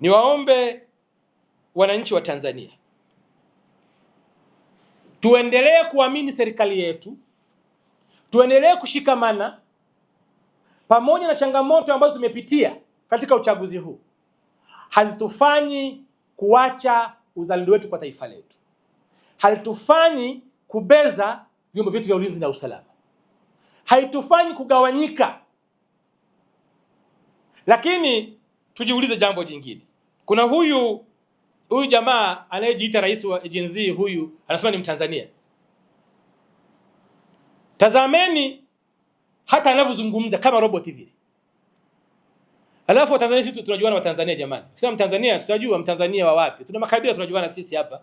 Niwaombe wananchi wa Tanzania tuendelee kuamini serikali yetu, tuendelee kushikamana pamoja na changamoto ambazo tumepitia katika uchaguzi huu hazitufanyi kuacha uzalendo wetu kwa taifa letu, halitufanyi kubeza vyombo vyetu vya ulinzi na usalama, haitufanyi kugawanyika. Lakini tujiulize jambo jingine, kuna huyu huyu jamaa anayejiita rais wa jinzi huyu anasema ni Mtanzania. Tazameni hata anavyozungumza kama robot vile. Alafu Watanzania sisi tunajuana Watanzania jamani. Kusema Mtanzania tutajua Mtanzania wa wapi. Tuna makabila tunajuana sisi hapa.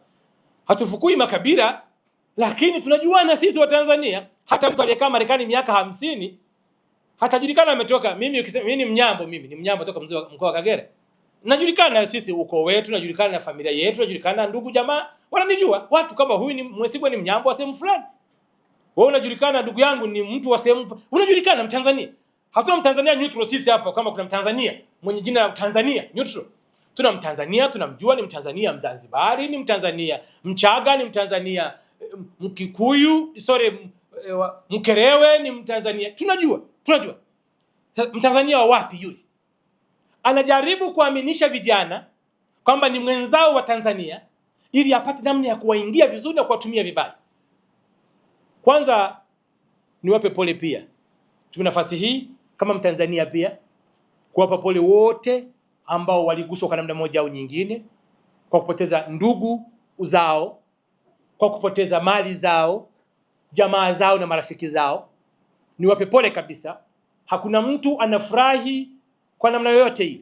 Hatufukui makabila lakini tunajuana sisi Watanzania. Hata mtu aliyekaa Marekani miaka hamsini hatajulikana ametoka. Mimi ukisema mimi ni Mnyambo, mimi ni Mnyambo toka mzee mkoa wa Kagera najulikana sisi uko wetu, najulikana na familia yetu, najulikana na ndugu jamaa wananijua. Watu kama huyu ni Mwesigwa, ni mnyambo wa sehemu fulani, wewe unajulikana, ndugu yangu ni mtu wa sehemu, unajulikana Mtanzania. Hatuna Mtanzania neutral sisi hapa, kama kuna Mtanzania mwenye jina la Tanzania neutral. Tuna Mtanzania tunamjua, ni Mtanzania, Mzanzibari ni Mtanzania, Mchaga ni Mtanzania, eh, Mkikuyu sorry, eh, Mkerewe ni Mtanzania, tunajua tunajua Mtanzania wa wapi yule anajaribu kuaminisha vijana kwamba ni mwenzao wa Tanzania ili apate namna ya kuwaingia vizuri na kuwatumia vibaya. Kwanza niwape pole pia, tume nafasi hii kama Mtanzania pia kuwapa pole wote ambao waliguswa kwa namna moja au nyingine kwa kupoteza ndugu zao, kwa kupoteza mali zao, jamaa zao na marafiki zao. Niwape pole kabisa. Hakuna mtu anafurahi kwa namna yoyote ile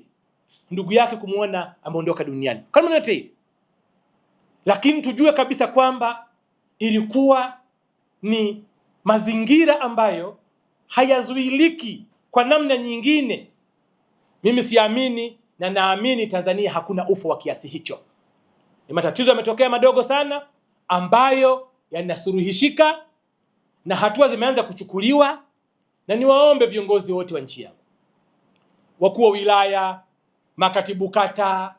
ndugu yake kumwona ameondoka duniani kwa namna yoyote ile, lakini tujue kabisa kwamba ilikuwa ni mazingira ambayo hayazuiliki kwa namna nyingine. Mimi siamini na naamini Tanzania hakuna ufa wa kiasi hicho. Ni matatizo yametokea madogo sana ambayo yanasuluhishika na hatua zimeanza kuchukuliwa, na niwaombe viongozi wote wa nchi yangu wakuu wa wilaya, makatibu kata,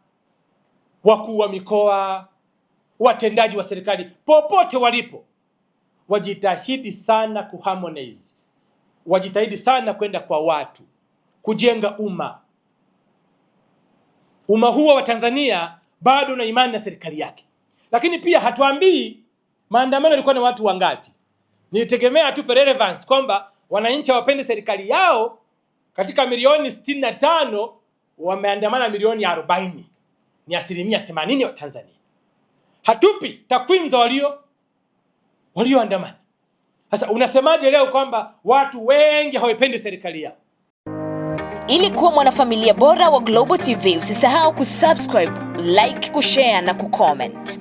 wakuu wa mikoa, watendaji wa serikali popote walipo, wajitahidi sana kuharmonize, wajitahidi sana kwenda kwa watu, kujenga umma. Umma huo wa Tanzania bado na imani na serikali yake, lakini pia hatuambii maandamano yalikuwa na watu wangapi. Nilitegemea atupe relevance kwamba wananchi hawapende serikali yao katika milioni sitini na tano wameandamana milioni arobaini ni asilimia themanini wa Tanzania. Hatupi takwimu za walio walioandamana. Sasa unasemaje leo kwamba watu wengi hawaipendi serikali yao? Ili kuwa mwanafamilia bora wa Global TV, usisahau kusubscribe, like, kushare na kucomment.